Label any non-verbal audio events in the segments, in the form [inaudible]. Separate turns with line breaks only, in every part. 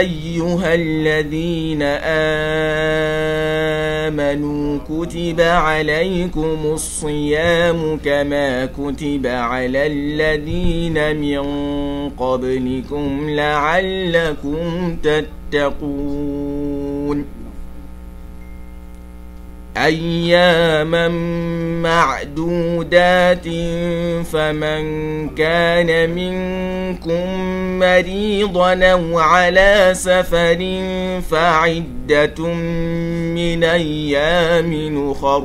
أيها الذين آمنوا كتب عليكم الصيام كما كتب على الذين من قبلكم لعلكم تتقون أياما معدودات فمن كان منكم مريضا أو على سفر فعدة من أيام أخر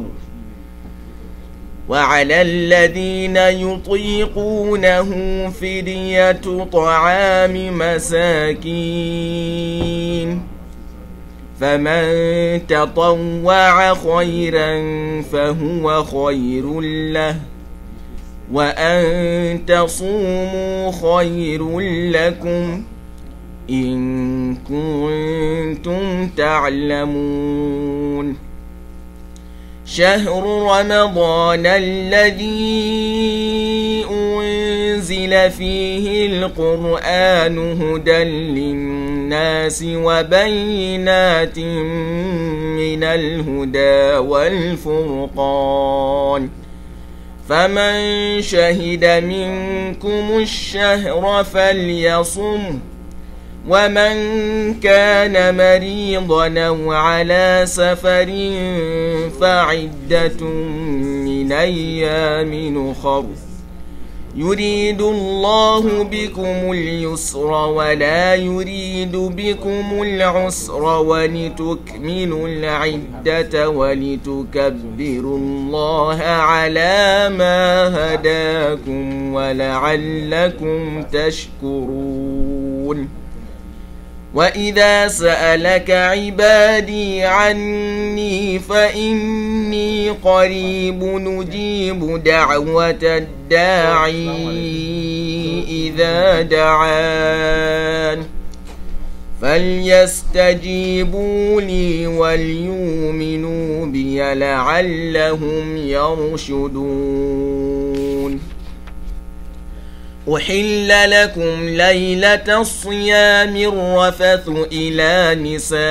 وعلى الذين يطيقونه فدية طعام مساكين فمن تطوع خيرا فهو خير له وأن تصوموا خير لكم إن كنتم تعلمون شهر رمضان الذي أنزل فيه القرآن هدى للناس الناس وبينات من الهدى والفرقان فمن شهد منكم الشهر فليصم ومن كان مريضا او على سفر فعده من ايام اخر يريد الله بكم اليسر ولا يريد بكم العسر ولتكملوا العدة ولتكبروا الله على ما هداكم ولعلكم تشكرون وإذا سألك عبادي عني فإني قريب نجيب دعوة الداعي إذا دعان فليستجيبوا لي وليؤمنوا بي لعلهم يرشدون أحل لكم ليلة الصيام الرفث إلى نسائكم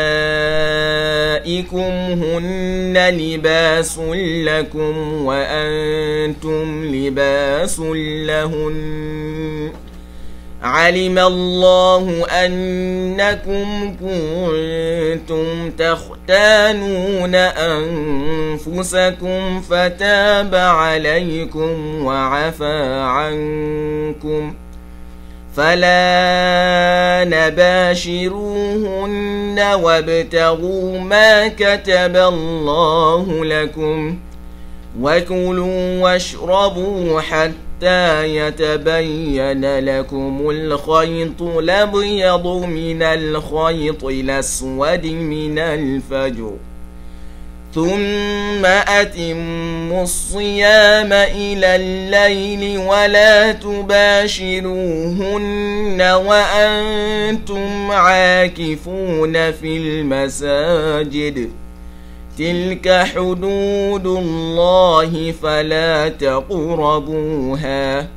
هن لباس لكم وأنتم لباس لهن علم الله أنكم كنتم تختانون أنفسكم فتاب عليكم وعفى عنكم فلا نباشروهن وابتغوا ما كتب الله لكم وكلوا واشربوا حتى حتى يتبين لكم الخيط الأبيض من الخيط الأسود من الفجر ثم أتموا الصيام إلى الليل ولا تباشروهن وأنتم عاكفون في المساجد تلك حدود الله فلا تقربوها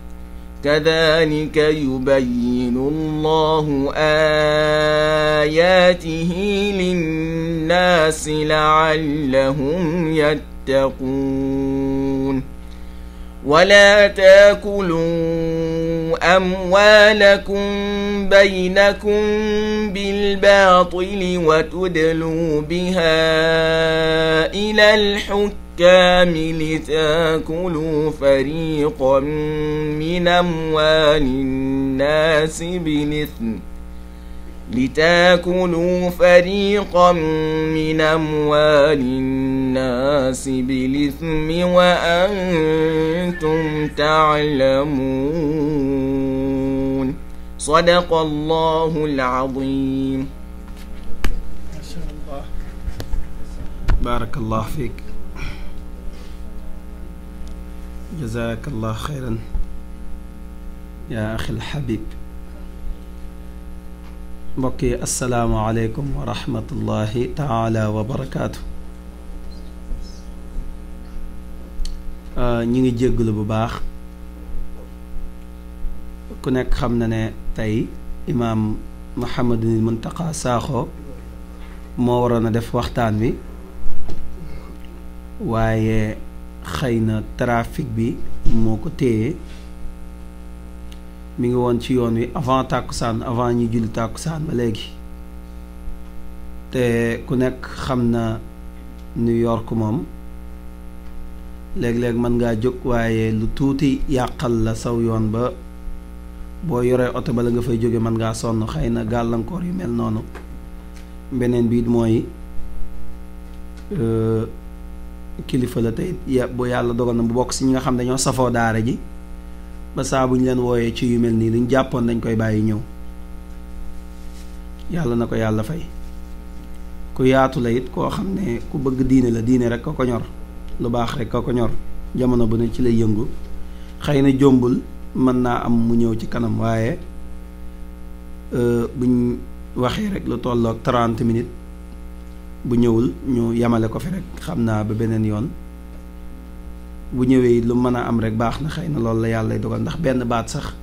كذلك يبين الله آياته للناس لعلهم يتقون ولا تاكلون أموالكم بينكم بالباطل وتدلوا بها إلى الحكام لتاكلوا فريقا من أموال الناس بالإثم لتاكلوا فريقا من أموال الناس بالإثم وأنتم تعلمون صدق الله العظيم ما شاء الله بارك الله فيك
جزاك الله خيرا يا أخي الحبيب mbokk yi asalaamaaleykum wa rahmatullahi taala wa barakaatu uh, ñi ngi jégglu bu baax ku nekk xam na ne tey imaam Muhammadul Muntaqa Sakho moo waroon a def waxtaan wi waaye xëy na trafic bi moo ko téye mi ngi woon ci yoon wi avant tàkkusaan avant ñu julli tàkkusaan ba léegi te ku nekk xam na New York moom léeg-léeg mën ngaa jóg waaye lu tuuti yàqal la saw yoon ba boo yoree oto ba la nga fay jóge mën ngaa sonn xëy na gàllankoor yu mel noonu beneen biit mooy euh, kilifa la tey bu yàlla dogal na bu bokk si ñi nga xam ne dañoo safoo daara ji ba saa bu ñu leen wooyee ci yu mel nii duñ jàppoon dañ koy bàyyi ñëw yàlla na ko yàlla fay ku yaatu la it koo xam ne ku bëgg diine la diine rek ka ko ñor lu baax rek ka ko ñor jamono bu ne ci lay yëngu xëy na jombul mën naa am mu ñëw ci kanam waaye euh, buñ waxee rek lu tolloog 30 minutes bu ñëwul ñu yamale ko fi rek xam naa ba beneen yoon bu ñëwee lu mën a am rek baax na xëy na loolu la yàlla dogal ndax benn baat sax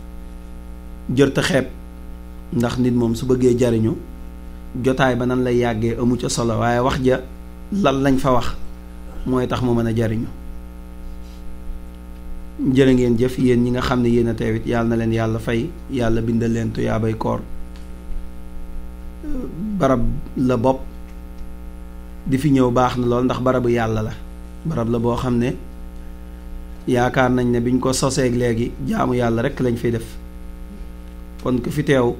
jër ta xeeb ndax nit moom su bëggee jariñu jotaay ba nan lay yàggee amu ca solo waaye wax ja lan lañ fa wax mooy tax mu mën a jariñu jërë ngeen jëf yéen ñi nga xam ne yéen a teewit yàlla na leen yàlla fay yàlla bindal leen tuyaabay koor barab la bopp di fi ñëw baax na lool ndax barabu yàlla la barab la boo xam ne yaakaar nañ ne biñ ko soseek léegi jaamu yàlla rek lañ fiy def kon ku fi teew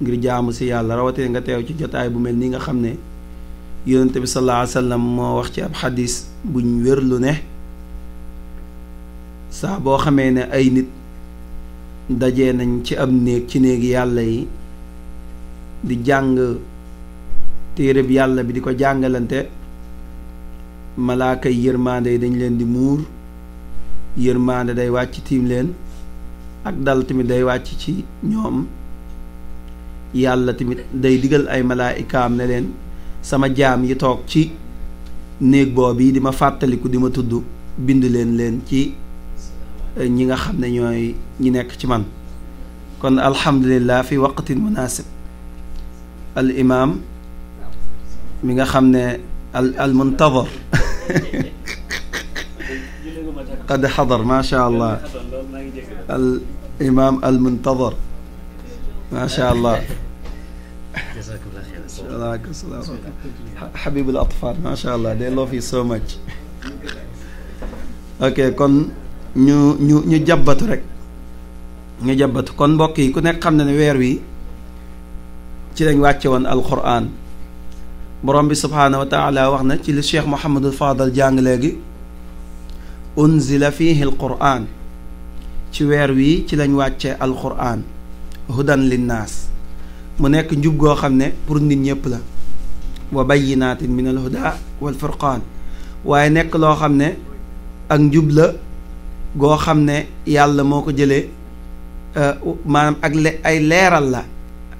ngir jaamu si yàlla rawatina nga teew ci jotaay bu mel ni nga xam ne yonent bi sallallahu alayhi moo wax ci ab xadis buñ wérlu ne saa boo xamee ne ay nit daje nañ ci ab néeg ci néeg yàlla yi di jàng téereb yàlla bi di ko jàngalante malaaka yërmaande yi dañ leen di muur yërmaande day wàcc tiim leen ak dal tamit day wàcc ci ñoom yàlla tamit day digal ay malaayikaam ne leen sama jaam yi toog ci néeg boobu yi di ma fàttaliku di ma tudd bind leen leen ci ñi nga xam ne ñooy ñi nekk ci man kon alhamdulillah fi waqti munasib al imaam mi nga xam ne al al [laughs]
qad xadar ma sha allah al
imam al ma sha allah aleykum salaam xabibul atfal macha allah they love you so much ok kon ñu ñu ñu rek ñu jàbbatu kon mbokk yi ku nekk xam na ne weer wi ci lañ wàcce woon alquran borom bi subhaanahu wa taala wax na ci li cheikh Mouhamadul Fadal jàng léegi unzila fihi alquran ci weer wii ci lañ wàcce alquran hudan linnaas mu nekk njub goo xam ne pour nit ñëpp la wa bayyinatin min al huda wal furqaan waaye nekk loo xam ne ak njub la goo xam ne yàlla moo ko jële euh, maanaam ak ay leeral la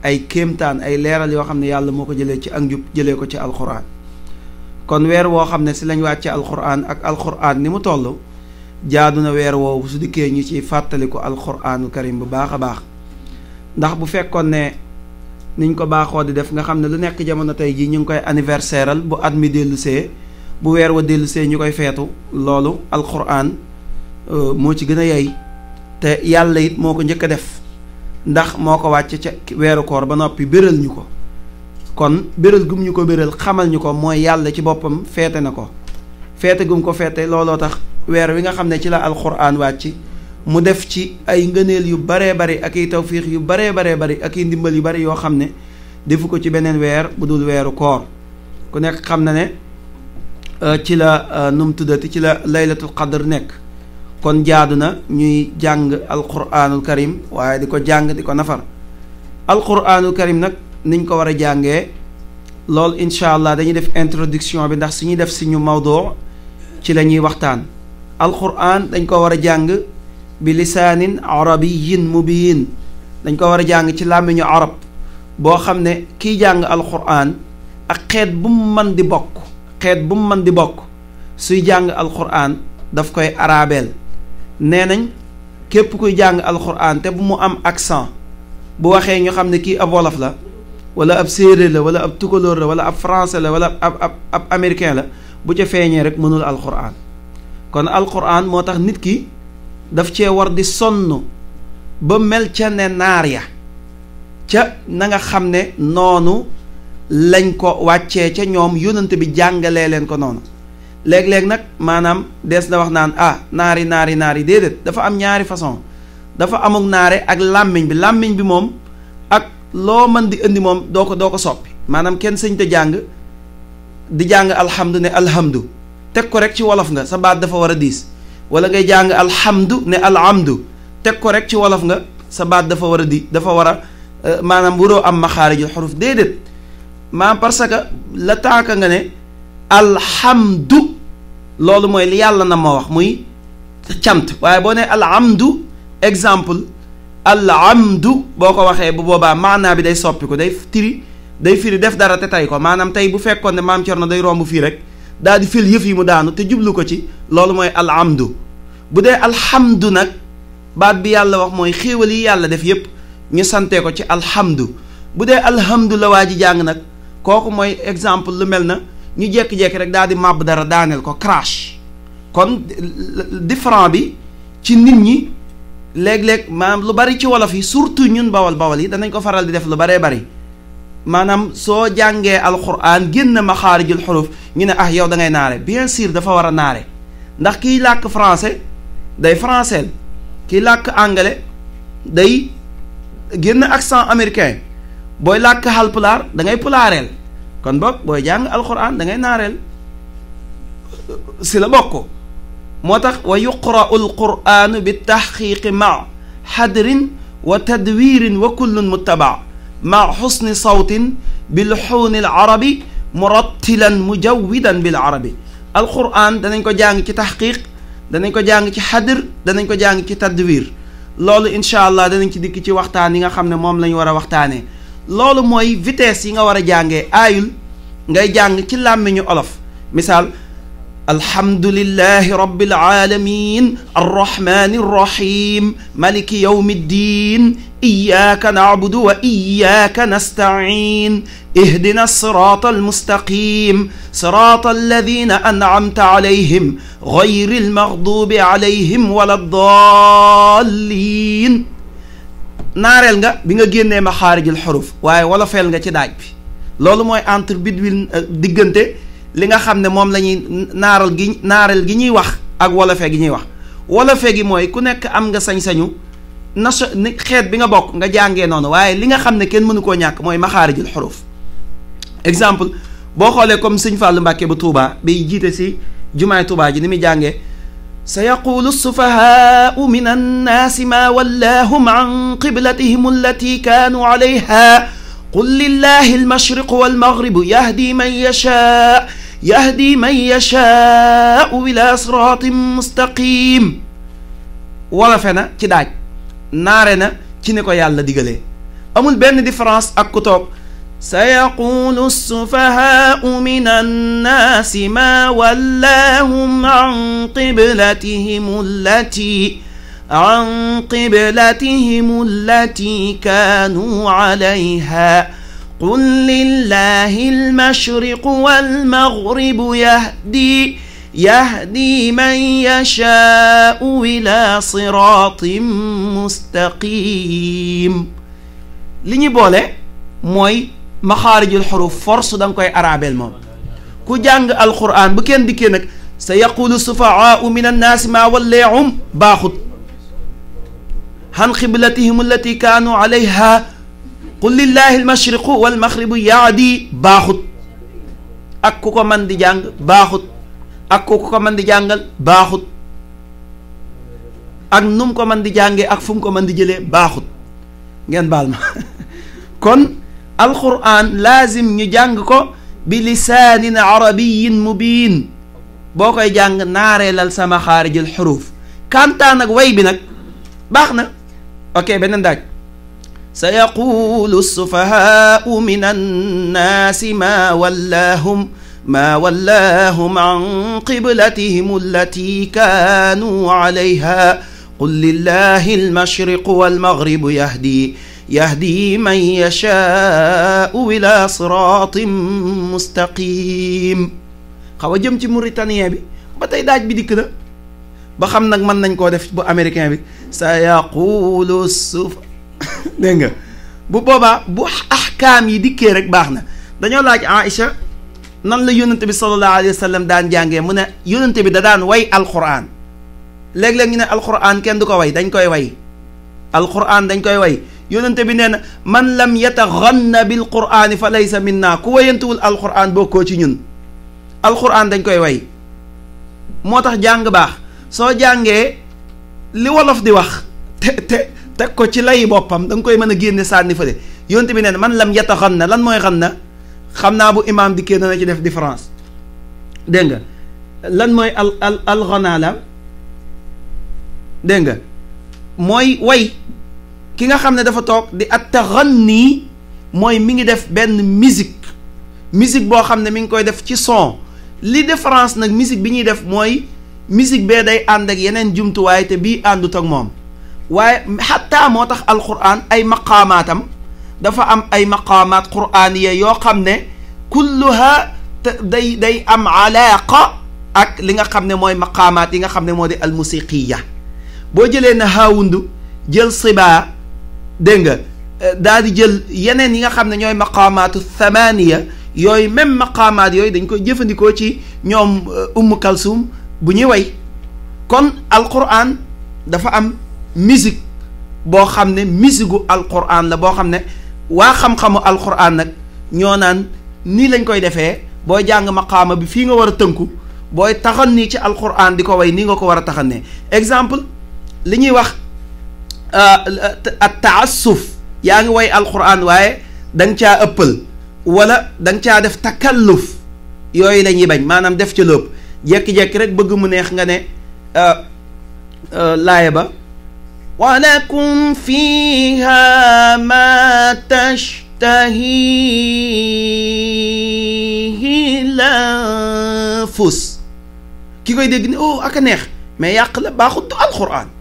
ay kéemtaan ay leeral yoo xam ne yàlla moo ko jëlee ci ak njub jële ko ci alquran kon weer woo xam ne si lañ wàcce alquran ak alquran ni mu toll jaadu na weer woowu su dikkee ñu ci fàttaliku alxuraanul karim bu baax a baax ndax bu fekkoon ne niñ ko baaxoo di def nga xam ne lu nekk jamono tey jii ñu ngi koy anniversaireal bu at mi dellusee bu weer wa dellusee ñu koy feetu loolu alxuraan euh, moo ci gën a yey te yàlla yit moo ko njëkk a def ndax moo ko wàcc ca weeru koor ba noppi béral ñu ko kon béral gum ñu ko béral xamal ñu ko mooy yàlla ci boppam feete na ko feete gum ko feete looloo tax weer wi nga xam ne ci la alquran wàcc mu def ci ay ngëneel yu baree bari ak i tawfiix yu baree baree bari ak i ndimbal yu bari yoo xam ne defu ko ci beneen weer bu dul weeru koor ku nekk xam na ne euh, ci la euh, num tuddati ci la laylatul qadr nekk kon jaadu na ñuy jàng alquranul karim waaye di ko jàng di ko nafar alquranul karim nag niñ ko war a jàngee loolu incha allah dañuy def introduction bi ndax su ñuy def suñu mawdoo ci la ñuy waxtaan alquran dañ ko war a jàng bi lisaanin arabiyin mubiin dañ ko war a jàng ci làmmiñu arab boo xam ne kiy jàng alquran ak xeet bu mu mën di bokk xeet bu mu mën di bokk suy jàng alquran daf koy araabeel nee nañ képp kuy jàng alquran te bu mu am accent bu waxee ñu xam ne kii ab wolof la walla ab séeréer la wala ab tukulóor la wala ab français la wala ab ab ab américain la bu ca feeñee rek mënul alquran kon alquran moo tax nit ki daf cee war di sonn ba mel ca ne naar ya ca nanga xam ne noonu lañ ko wàccee ca ñoom yónnante bi jàngalee leen ko noonu léeg-léeg nag maanaam dees na wax naan ah naari naari naari déedéet dafa am ñaari façon dafa amuk naare ak làmmiñ bi làmmiñ bi moom ak loo mën di indi moom doo ko doo ko soppi maanaam kenn sëñ te jàng di jàng alhamdu ne alhamdu teg ko rek ci wolof nga sa baat dafa war a diis wala ngay jàng alhamdu ne alhamdu teg ko rek ci wolof nga sa baat dafa war a di dafa war a euh, maanaam waroo am maxaarijul xuruf déedéet maanaam parce que la taaka nga ne alhamdu loolu mooy li yàlla na ma wax muy cant waaye boo ne alhamdu exemple alhamdu boo ko waxee bu boobaa maanaa bi day soppi ko day tiri day firi def dara te tey ko maanaam tey bu fekkoon ne maam Cerno day romb fii rek daal di fil yëf yi mu daanu te jublu ko ci loolu mooy alhamdu bu dee alhamdu nag baat bi yàlla wax mooy xéewal yi yàlla def yépp ñu sante ko ci alhamdu bu dee alhamdu la waa ji jàng nag kooku mooy exemple lu mel na ñu jékki-jékki rek daal di màbb dara daaneel ko crash kon différent bi ci nit ñi léeg-léeg maanaam lu bari ci wolof yi surtout ñun bawal bawal yi danañ ko faral di def lu baree bari maanaam soo jàngee alquran génn ma maxaarijul xuruf ñu ne ah yow da ngay naare bien sûr dafa war naare ndax kii làkk français day français kii làkk anglais day génn accent américain booy làkk halpulaar da ngay pulaareel kon boog booy jàng alquran da ngay naareel si la bokk moo tax wo wa yuqra'u alquranu bi taxqiqi ma xadrin wa tadwirin wa kullun muttabaa ma xusni sawtin bi luxuuni larabi murattilan mujawwidan bi arabi alquran danañ ko jàng ci taxqiq danañ ko jàng ci xadir danañ ko jàng ci tadwir loolu incha allah danañ ci dikk ci waxtaan yi nga xam ne moom la ñu war a waxtaanee loolu mooy vitesse yi nga war a jàngee aayul ngay jàng ci làmmiñu olof misaal alhamdulillahi rabbil aalamiin arrahmaani rrahiim maliki yawmi ddiin iyyaaka na'budu wa iyyaaka nasta'iin ihdina siraata almustaqiim siraata allaziina an'amta alayhim ghayri almaghduubi alayhim wala ddaalliin naareel nga bi nga génnee maxaarijul xuruf waaye wala feel nga ci daaj bi loolu mooy entre bidwil euh, diggante li nga xam ne moom la ñuy naaral gi naaral gi ñuy wax ak wolofee gi ñuy wax wolofee gi mooy ku nekk am nga sañ-sañu nasa xeet bi nga bokk nga jàngee noonu waaye li nga xam ne kenn mënu koo ñàkk mooy maxaarijul xuruf exemple boo xoolee comme sëñ Fallou Mbàkke bu Touba bi jiite si jumaay Touba ji ni muy jàngee sa yaqulu sufahaau min annaasi maa wallaahum an qiblatihim allati kaanu alayha qul lillahi almashriqu walmaghribu yahdi man yashaa يهدي من يشاء إلى صراط مستقيم wolofe na ci daaj naare na ci ni ko yàlla digalee amul benn différence ak ku toog sayaqulu sufahaau min annaasi maa wallaahum an qiblatihim allati an qiblatihim allati kaanuu alayha قل لله المشرق والمغرب يهدي يهدي من يشاء إلى صراط مستقيم li ñu boole mooy maxaarijul xuruf force da nga koy araabeel moom ku jàng alquran bu kenn dikkee nag sa yaqulu sufahaau min annaasi maa walleehum baaxut xan xiblatihim allati kaanu alayha qul lillahi almashriqu walmaghribu yaadi baaxut ak ku ko man di jàng baaxut ak ku ko man di jàngal baaxut ak nu mu ko man di jàngee ak fu mu ko man di jëlee baaxut ngeen baal ma [laughs] kon alquran laazim ñu jàng ko bi lisaanin arabiyin mubiin boo koy jàng naareelal sama xaarijul xuruuf kantaan ak way bi nag baax na ok beneen daaj سيقول السفهاء من الناس ما ولاهم ما ولاهم عن قبلتهم التي كانوا عليها قل لله المشرق والمغرب يهدي يهدي من يشاء إلى صراط مستقيم xaw a jëm ci mauritanien bi ba tey daaj bi dikk na ba xam nag mën nañ koo def bu américain bi sa yaqulu suf dégg bu boobaa bu ahkaam yi dikkee rek baax na dañoo laaj Aïcha nan la yónnante bi sallallahu alayhi wa sallam daan jàngee mu ne yónnante bi da daan way alquran léeg-léeg ñu ne alquran kenn du ko way dañ koy way alquran dañ koy way yónnante bi nee na man lam yataxanna bil qurani fa laysa minna ku wayantuwul alquran bokkoo ci ñun alquran dañ koy way moo tax jàng baax soo jàngee li wolof di wax teg ko ci lay boppam danga koy mën a génne sànni fële yonte bi neen man lam yata xam na lan mooy xam na xam naa bu imaam dikkee dana ci def différence dégg nga lan mooy al al alxanaa la dégg mooy way ki nga xam ne dafa toog di attaxanni mooy mi ngi def benn musique musique boo xam ne mi ngi koy def ci son li différence nag musique bi ñuy def mooy musique bee day ànd ak yeneen jumtuwaay te bii àndut ak moom waaye xatta moo tax alquran ay maqaamaatam dafa am ay maqaamaat quraaniya yoo xam ne kulluha day day am alaaqa ak li nga xam ne mooy maqaamaat yi nga xam ne moo di almusiqiya boo jëlee na haawundu jël sibaa dégg nga eh, daal di jël yeneen yi nga xam ne ñooy maqaamaatu thamaniya yooyu même maqaamaat yooyu dañ koy jëfandikoo ci ñoom umm kalsum bu ñuy way kon alquran dafa am musique boo xam ne musique gu alquran la boo xam ne waa xam-xamu alquran nag ñoo naan nii lañ koy defee boo jàng maqaama bi fii nga war a tënku booy taxan nii ci alquran di ko woy nii nga ko war a taxan ne exemple li ñuy wax euh, at taassuf yaa ngi way alquran waaye da caa ëppal wala da caa def takalluf yooyu la bañ maanaam def ca lépp jékki-jékki rek bëgg mu neex nga ne euh, euh, laaya ba ولكم فيها ما تشتهيه الأنفس ki koy dégg ne oh ak a neex mais yàq la baaxut alxuraan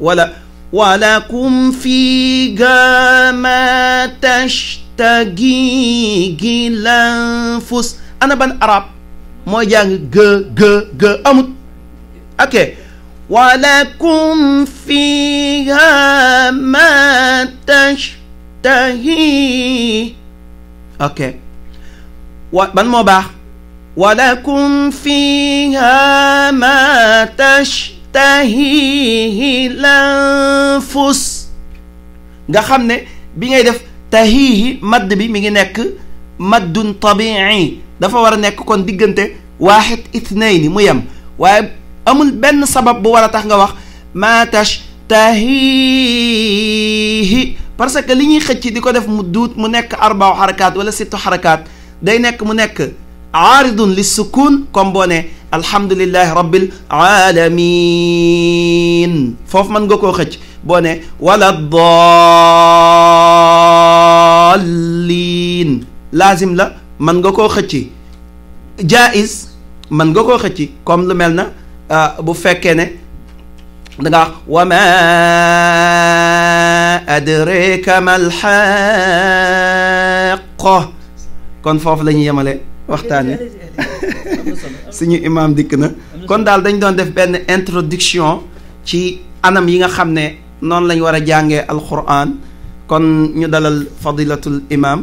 wala ولكم فيها ما تشتهيه الأنفس ana ban arab mooy jàng gë gë gë amut ok ولكم فيها ما تشتهي ok ban moo baax ولكم فيها ما تشتهيه الأنفس nga xam ne bi ngay def tahiihi madd bi mi ngi nekk maddun tabi'i dafa war a nekk kon diggante waaxid itnayni mu yem amul benn sabab bu war a tax nga wax maa tashtahihi parce que li ñuy xëcc di ko def mu duut mu nekk arbau xarakaat wala sittu xarakaat day nekk mu nekk aaridun li sukun comme boo ne alhamdulillahi rabbil alamin foofu mën nga koo xëcc boo ne wala dallin laazim la mën nga koo xëcci jaiz mën nga koo xëcci comme lu mel na Euh, bu fekkee ne da nga wax wa ma adrika xaq kon foofu la ñuy yemale waxtaan wi [laughs] suñu imaam dikk na kon daal dañ doon def benn introduction ci anam yi nga xam ne noonu lañu war a jàngee alquran kon ñu dalal fadilatul imaam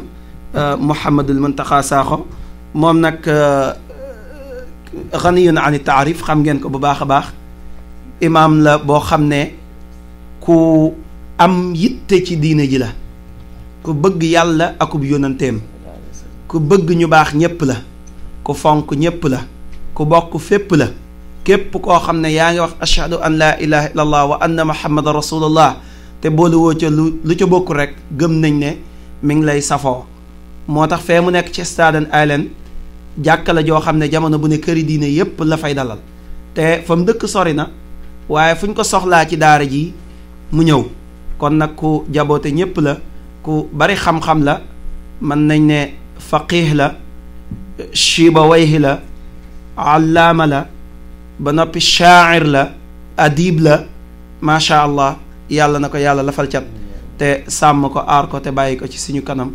euh, Mouhamadul Muntaxa Sakho moom nag euh, xaniyun ani taarif xam ngeen ko bu baax a baax imaam la boo xam ne ku am yitte ci diine ji la ku bëgg yàlla akub yónnanteem ku bëgg ñu baax ñépp la ku fonk ñépp la ku bokk fépp la képp koo xam ne yaa ngi wax ashhadu an laa ilaha illallah wa anna muhammadan rasulullah te boolewoo woo ca lu lu ca bokk rek gëm nañ ne mu ngi lay safoo moo tax fee mu nekk ci Staten Island jàkka joo xam ne jamono bu ne këri diine yépp la fay dalal te fa mu dëkk sori na waaye fu ñu ko soxlaa ci daara ji mu ñëw kon nag ku jaboote ñépp la ku bari xam-xam la mën nañ ne faqiih la shibawayhi la allaama la ba noppi shaacir la adib la macha allah yàlla na ko yàlla lafal cat te sàmm ko aar ko te bàyyi ko ci suñu kanam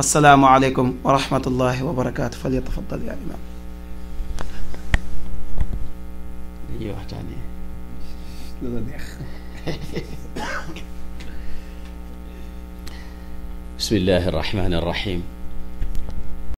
wassalaamu aleykum wa rahmatullahi wa barakaatu fal yatafaddal yaa imaam
dañuy waxtaane lu la neex bismillahi rahmaani rahim